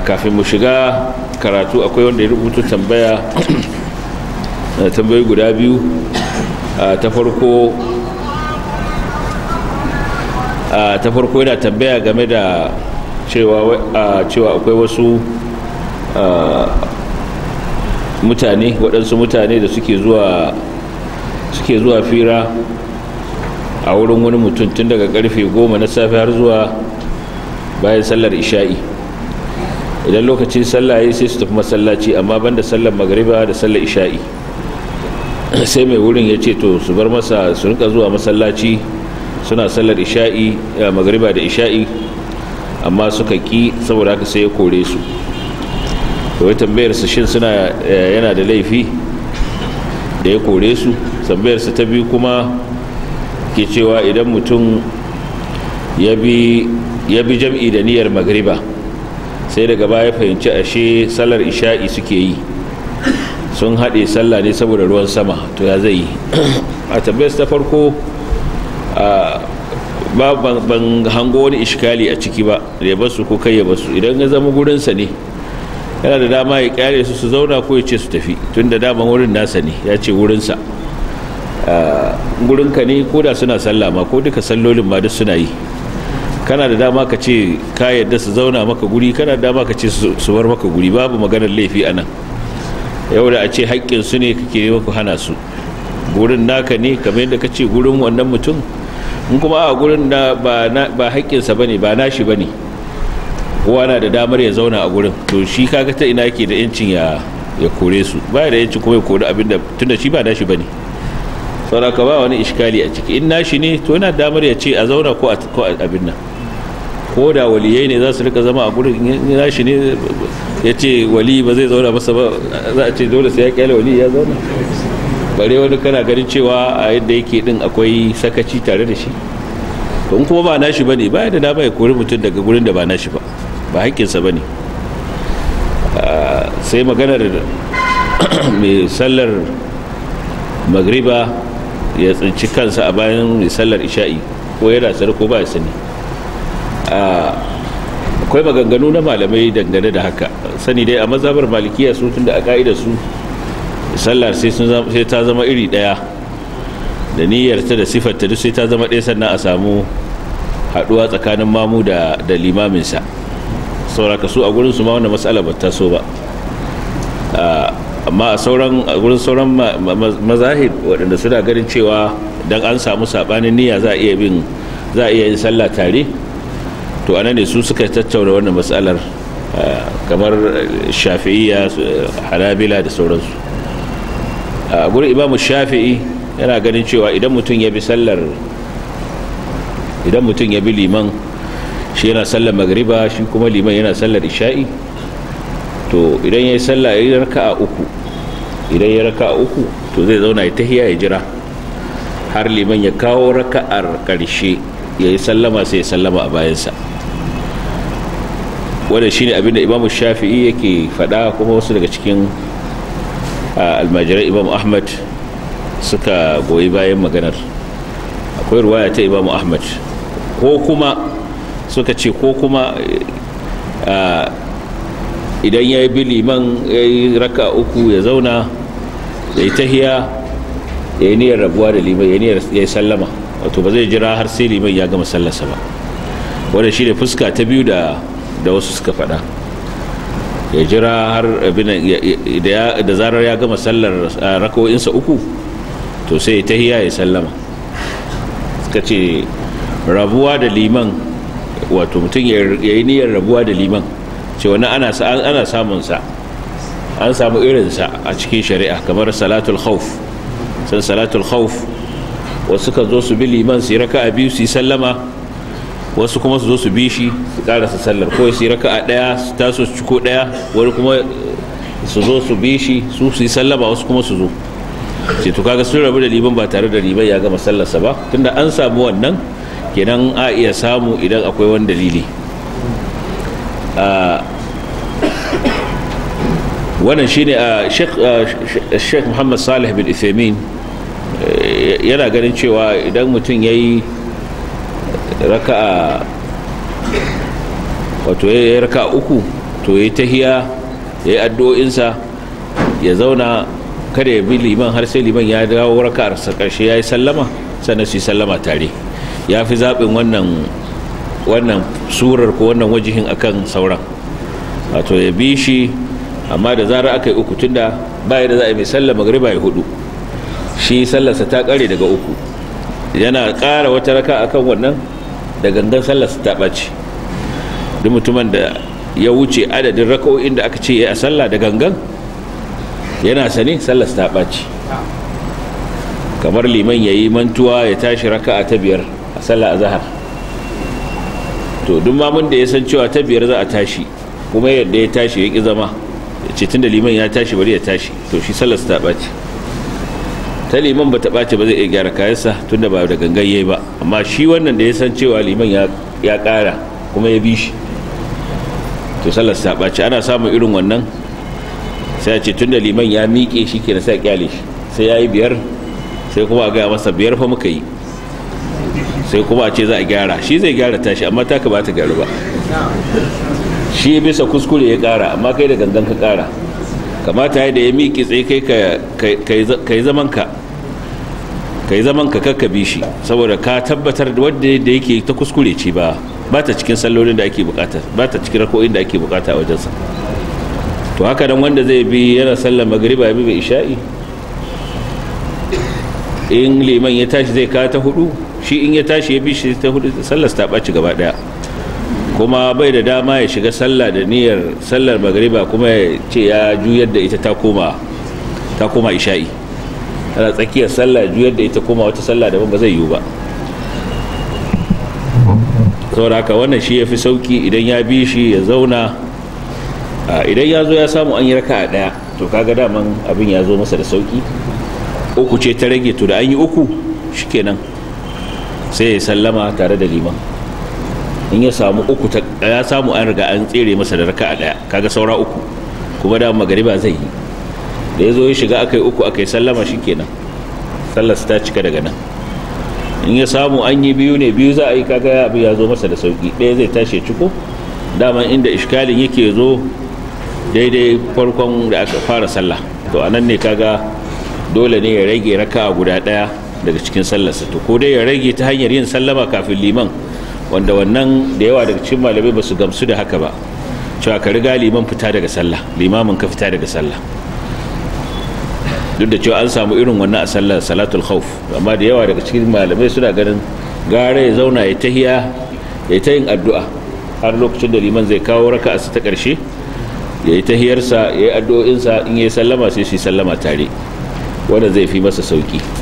kafin mu shiga karatu akwai wanda ya rubuta tambaya eh, tambayi guda biyu ta farko yana tambaya game da cewa akwai wasu mutane waɗansu mutane da suke zuwa fira a wurin wani mutum tun daga karfe goma na safe har zuwa bayan sallar isha'i idan lokacin sallah ya sai su tafi masallaci amma banda sallar magariba da sallar isha'i sai mai wurin ya ce to su bar masa su rinka zuwa masallaci suna sallar isha'i eh, magariba da isha'i amma suka ki saboda haka sai ya kore su wai tambayar su shin suna eh, yana da laifi da ya kore su tambayar su ta biyu kuma ke cewa idan mutum ya bi jam'i da niyyar magariba sai daga baya fahimci ashe sallar isha'i suke yi sun haɗe sallah ne saboda ruwan sama to ya zai yi a tabbas ta farko ban hango wani ishikali a ciki ba ya basu ko kai ya basu idan ya zama gurinsa ne yana da dama ya kyare su su zauna ko ya ce su tafi tun da dama wurin nasa ne ya ce wurinsa gurinka ne ko da suna sallah ma ko duka sallolin ma duk suna yi kana da dama ka ce ka yadda su zauna maka guri kana da dama ka ce su bar maka guri babu maganar laifi a nan yau da a ce haƙƙin su ne kake yi maka hana su gurin naka ne kamar yadda ka ce gurin wannan mutum in kuma a gurin da ba haƙƙinsa ba ne ba nashi ba ne kowa na da damar ya zauna a gurin to shi kaga ta ina yake da yancin ya kore su ba da yancin kuma ya kori abin da tunda shi ba nashi ba ne sauraka ba wani iskali a ciki in nashi ne to yana damar ya ce a zauna ko abin nan ko da waliyai ne za su rika zama a gurin ya shi ne ya ce wali ba zai zauna masa ba za a ce dole sai ya kyale wali ya zauna bare wani kana ganin cewa a yadda yake din akwai sakaci tare da shi to in kuma ba na bane ba da na bai kori mutum daga gurin da ba na shi ba ba haƙƙinsa ne ah, sai maganar mai sallar magriba ya tsinci kansa a bayan mai sallar isha'i ko yana tsar ko ba ya sani akwai maganganu na malamai dangane da haka sani dai a mazabar malikiya su tun da a ka'ida su sallar sai ta zama iri daya da niyyarta da siffarta duk sai ta zama ɗaya sannan a samu haɗuwa tsakanin mamu da limaminsa sauraka su a gurin su ma wanda matsala ba ta so ba amma a sauran a gurin sauran mazahib waɗanda suna ganin cewa don an samu saɓanin niyya za a iya bin za a iya yin sallah tare to anan ne su suka tattauna wannan matsalar eh, kamar shafi'iyya harabila da sauransu a gurin imamu shafi'i yana ganin cewa idan mutum ya bi sallar idan mutum ya bi liman shi yana sallar magriba shi kuma liman yana sallar isha'i to idan ya yi sallar ya yi raka'a uku idan ya raka'a uku to zai zauna ya tahiya ya jira har liman ya kawo raka'ar ƙarshe ya yi sallama sai ya sallama a bayansa wanda abin abinda imamu shafi'i yake faɗa kuma wasu daga cikin almajirai imam ahmad suka goyi bayan maganar akwai ruwaya ta imamu ahmad ko kuma suka ce ko kuma idan ya yi liman ya yi raka uku ya zauna ya yi tahiya ya yi niyyar rabuwa da liman ya yi sallama wato ba zai jira har sai liman ya gama sallasa ba wadda shi ne fuska ta biyu da da wasu suka faɗa ya jira har da zarar ya gama sallar rako'insa uku to sai ta hiya ya sallama suka ce rabuwa da liman wato mutum ya yi niyyar rabuwa da liman ce wani ana samunsa an samu irinsa a cikin shari'a kamar salatul khawf san salatul khawf wasu kan zo su bi liman su yi raka'a biyu su yi sallama wasu kuma su zo su bi shi su karasa sallar ko su yi raka a daya su taso su ciko daya wani kuma eh, su zo su bi shi su su yi sallama wasu kuma su zo ce to kaga sun rabu da liban ba tare da liban ya gama sallarsa ba tunda an samu wannan kenan a iya samu idan akwai wani dalili wannan shine a sheikh muhammad salih bin ithamin eh, yana ganin cewa idan mutum ya yi raka'a wato ya raka'a uku to ya tahiya ya yi addu'o'insa ya zauna kada ya bi liman har sai liman ya dawo sa ƙarshe ya yi sallama sannan su yi sallama tare ya fi zaɓin wannan wannan surar ko wannan wajihin akan sauran wato ya bi shi amma da zara aka yi uku tunda baya da za a yi mai sallar magriba ya hudu shi sallarsa ta kare daga uku yana ƙara wata raka akan wannan da gangan sallah su ta ɓaci duk mutumin da ya wuce adadin raka'o'in da aka ce ya a sallah da gangan yana sane sallah su ta ɓaci kamar liman ya yi mantuwa ya tashi raka'a ta biyar a sallah a zahar to duk mamun da ya san cewa ta biyar za a tashi kuma yadda ya tashi ya ƙi zama ya ce da liman ya tashi bari ya tashi to shi su ta ɓaci ta liman ba ta ɓace ba zai iya gyara kayansa da ba da gangan yi ba amma shi wannan da ya san cewa liman ya kara kuma ya bi shi to sallar saɓaci ana samun irin wannan sai ce tun da liman ya miƙe shi ke sa kyale shi sai ya yi biyar sai kuma a gaya masa biyar fa muka yi sai kuma a ce za a gyara shi zai gyara tashi amma taka ba ta gyaru ba shi bisa kuskure ya kara amma kai da gangan ka kara kamata ya da ya miƙe tsaye kai ka yi zamanka ka yi zaman ka bi shi saboda ka tabbatar wadda da yake ta kuskure ce ba ba ta cikin sallolin da ake bukata ba ta cikin rako'in da ake bukata a wajensa to haka nan wanda zai bi yana sallar magriba ya bi mai isha'i in liman ya tashi zai ka ta hudu shi in ya tashi ya bi shi ta hudu sallar ta ɓaci gaba daya kuma bai da dama ya shiga sallah da niyyar sallar magriba kuma ya ce ya juyar da ita ta koma ta koma isha'i tana tsakiyar sallah juyar da ita koma wata sallah daban ba zai yiwu ba saboda haka wannan shi ya fi sauki idan ya bi shi ya zauna idan ya zo ya samu an yi raka a ɗaya to kaga daman abin ya zo masa da sauki uku ce ta rage to da an yi uku shikenan sai ya sallama tare da liman in ya samu uku ya samu an riga an tsere masa da raka a ɗaya kaga saura uku kuma da magariba zai yi da ya zo ya shiga aka yi uku aka yi sallama shi kenan sallar ta cika daga nan in ya samu an yi biyu ne biyu za a yi kaga abu ya zo masa da sauki ɗaya zai tashi ciko daman inda iskalin yake zo daidai farkon da aka fara sallah to a nan ne kaga dole ne ya rage raka guda daya daga cikin sa to ko dai ya rage ta hanyar yin sallama kafin liman wanda wannan da yawa daga cikin malamai ba su gamsu da haka ba cewa ka riga liman fita daga sallah limamin ka fita daga sallah duk da cewa an samu irin wannan a sallar salatul khawf amma da yawa daga cikin malamai suna ganin gara ya zauna ya tahiya ya ta yin addu'a har lokacin da liman zai kawo raka a ta karshe ya yi tahiyarsa ya yi addu'o'insa in ya sallama sai shi sallama tare wanda zai fi masa sauki